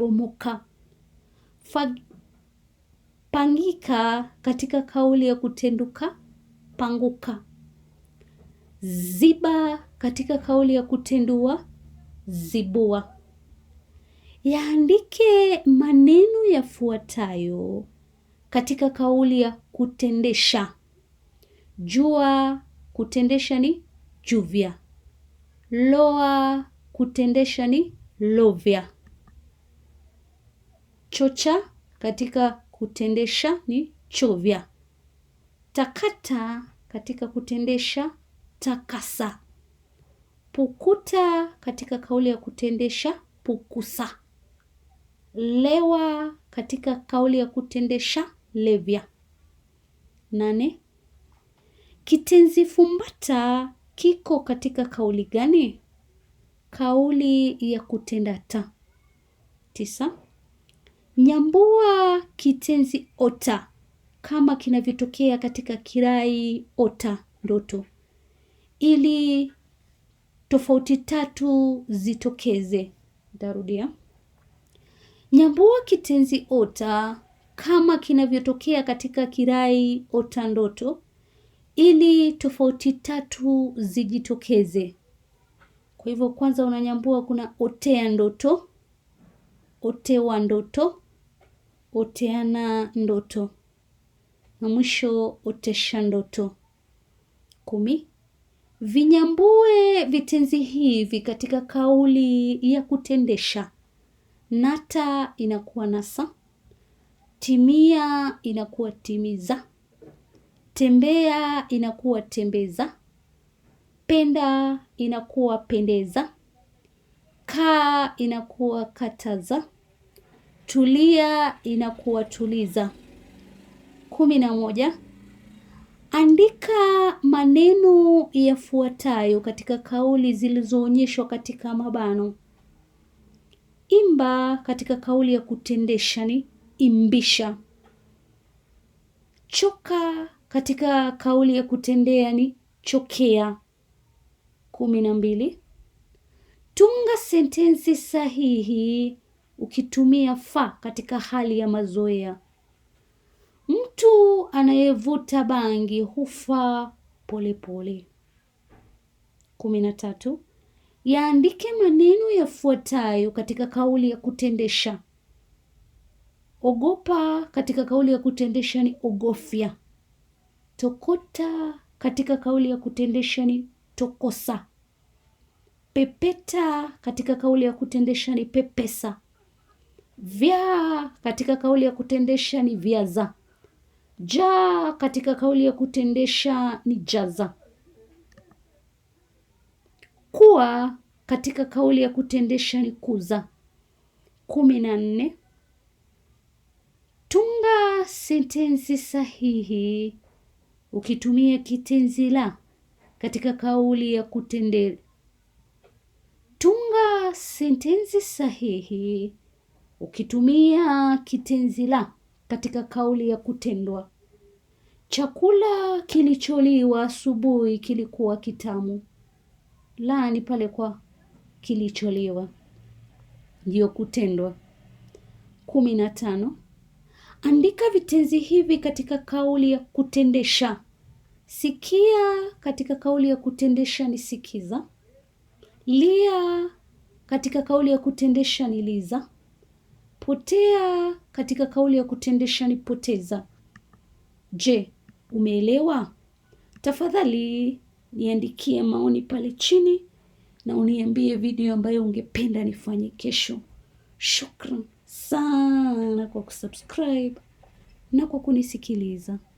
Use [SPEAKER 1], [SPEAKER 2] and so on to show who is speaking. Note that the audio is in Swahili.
[SPEAKER 1] bomoka pangika katika kauli ya kutenduka panguka ziba katika kauli ya kutendua zibua. Yaandike maneno yafuatayo katika kauli ya kutendesha: jua kutendesha ni juvya, loa kutendesha ni lovya. Chocha katika kutendesha ni chovya. Takata katika kutendesha takasa. Pukuta katika kauli ya kutendesha pukusa. Lewa katika kauli ya kutendesha levya. Nane. Kitenzi fumbata kiko katika kauli gani? Kauli ya kutenda ta. Tisa. Nyambua kitenzi ota kama kinavyotokea katika kirai ota ndoto, ili tofauti tatu zitokeze. Ntarudia. Nyambua kitenzi ota kama kinavyotokea katika kirai ota ndoto, ili tofauti tatu zijitokeze. Kwa hivyo, kwanza unanyambua, kuna otea ndoto, otewa ndoto oteana ndoto na mwisho otesha ndoto. Kumi. Vinyambue vitenzi hivi katika kauli ya kutendesha. Nata inakuwa nasa, timia inakuwa timiza, tembea inakuwa tembeza, penda inakuwa pendeza, kaa inakuwa kataza tulia inakuwatuliza. kumi na moja. Andika maneno yafuatayo katika kauli zilizoonyeshwa katika mabano. Imba katika kauli ya kutendesha ni imbisha. Choka katika kauli ya kutendea ni chokea. kumi na mbili. Tunga sentensi sahihi ukitumia fa katika hali ya mazoea. Mtu anayevuta bangi hufa polepole. kumi na tatu. Yaandike maneno yafuatayo katika kauli ya kutendesha. Ogopa katika kauli ya kutendesha ni ogofya. Tokota katika kauli ya kutendesha ni tokosa. Pepeta katika kauli ya kutendesha ni pepesa vya katika kauli ya kutendesha ni vyaza. Ja katika kauli ya kutendesha ni jaza. Kuwa katika kauli ya kutendesha ni kuza. kumi na nne. Tunga sentensi sahihi ukitumia kitenzi la katika kauli ya kutende. Tunga sentensi sahihi Ukitumia kitenzi la katika kauli ya kutendwa, chakula kilicholiwa asubuhi kilikuwa kitamu. La ni pale kwa kilicholiwa, ndiyo kutendwa. kumi na tano. Andika vitenzi hivi katika kauli ya kutendesha. Sikia katika kauli ya kutendesha ni sikiza. Lia katika kauli ya kutendesha ni liza. Potea katika kauli ya kutendesha ni poteza. Je, umeelewa? Tafadhali niandikie maoni pale chini na uniambie video ambayo ungependa nifanye kesho. Shukran sana kwa kusubscribe na kwa kunisikiliza.